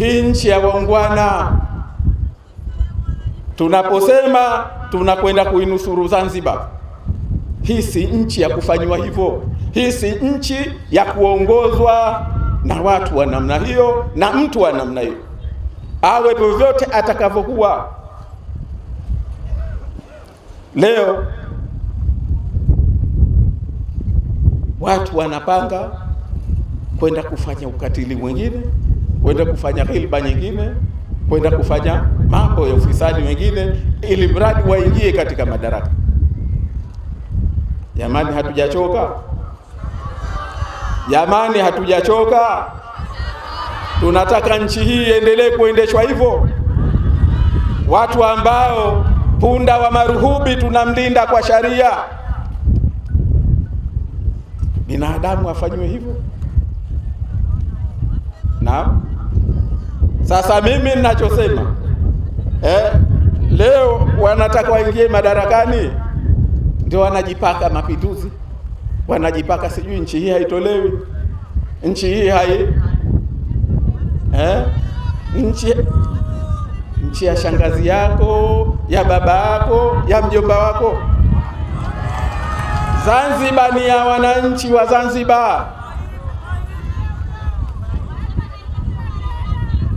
Hii nchi ya waungwana, tunaposema tunakwenda kuinusuru Zanzibar, hii si nchi ya kufanywa hivyo. Hii si nchi ya kuongozwa na watu wa namna hiyo na mtu wa namna hiyo, awe vyovyote atakavyokuwa. Leo watu wanapanga kwenda kufanya ukatili mwingine kwenda kufanya hilba nyingine, kwenda kufanya mambo ya ufisadi mengine, ili mradi waingie katika madaraka. Jamani, hatujachoka jamani, hatujachoka. Tunataka nchi hii iendelee kuendeshwa hivyo. Watu ambao punda wa maruhubi tunamlinda kwa sharia, binadamu afanywe hivyo. Naam. Sasa mimi ninachosema eh, leo wanataka waingie madarakani ndio wanajipaka mapinduzi, wanajipaka sijui nchi hii haitolewi, nchi hii hai eh, nchi nchi ya shangazi yako ya baba yako ya mjomba wako. Zanzibar ni ya wananchi wa Zanzibar.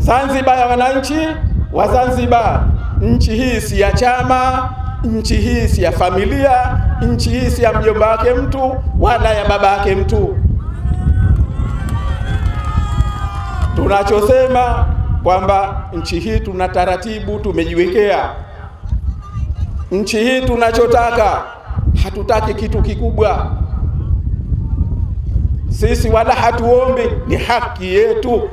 Zanzibar ya wananchi wa Zanzibar. Nchi hii si ya chama, nchi hii si ya familia, nchi hii si ya mjomba wake mtu wala ya baba yake mtu. Tunachosema kwamba nchi hii tuna taratibu tumejiwekea. Nchi hii tunachotaka, hatutaki kitu kikubwa sisi, wala hatuombi, ni haki yetu.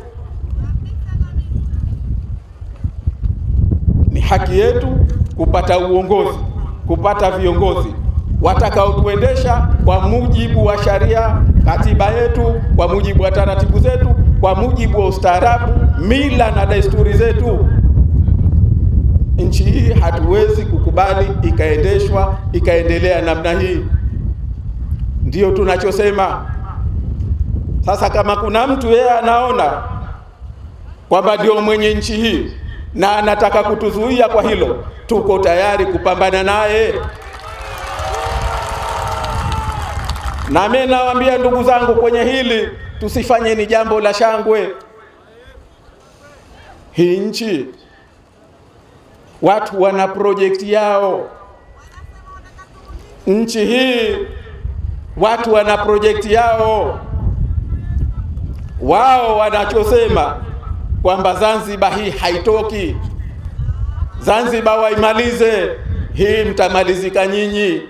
haki yetu kupata uongozi, kupata viongozi watakaotuendesha kwa mujibu wa sharia, katiba yetu, kwa mujibu wa taratibu zetu, kwa mujibu wa ustaarabu, mila na desturi zetu. Nchi hii hatuwezi kukubali ikaendeshwa ikaendelea namna hii, ndiyo tunachosema. Sasa kama kuna mtu yeye anaona kwamba ndio mwenye nchi hii na anataka kutuzuia kwa hilo, tuko tayari kupambana naye. Na mimi nawaambia ndugu zangu, kwenye hili tusifanye ni jambo la shangwe. Hii nchi watu wana projekti yao, nchi hii watu wana projekti yao, wao wanachosema kwamba Zanzibar hii haitoki, Zanzibar waimalize hii, mtamalizika nyinyi.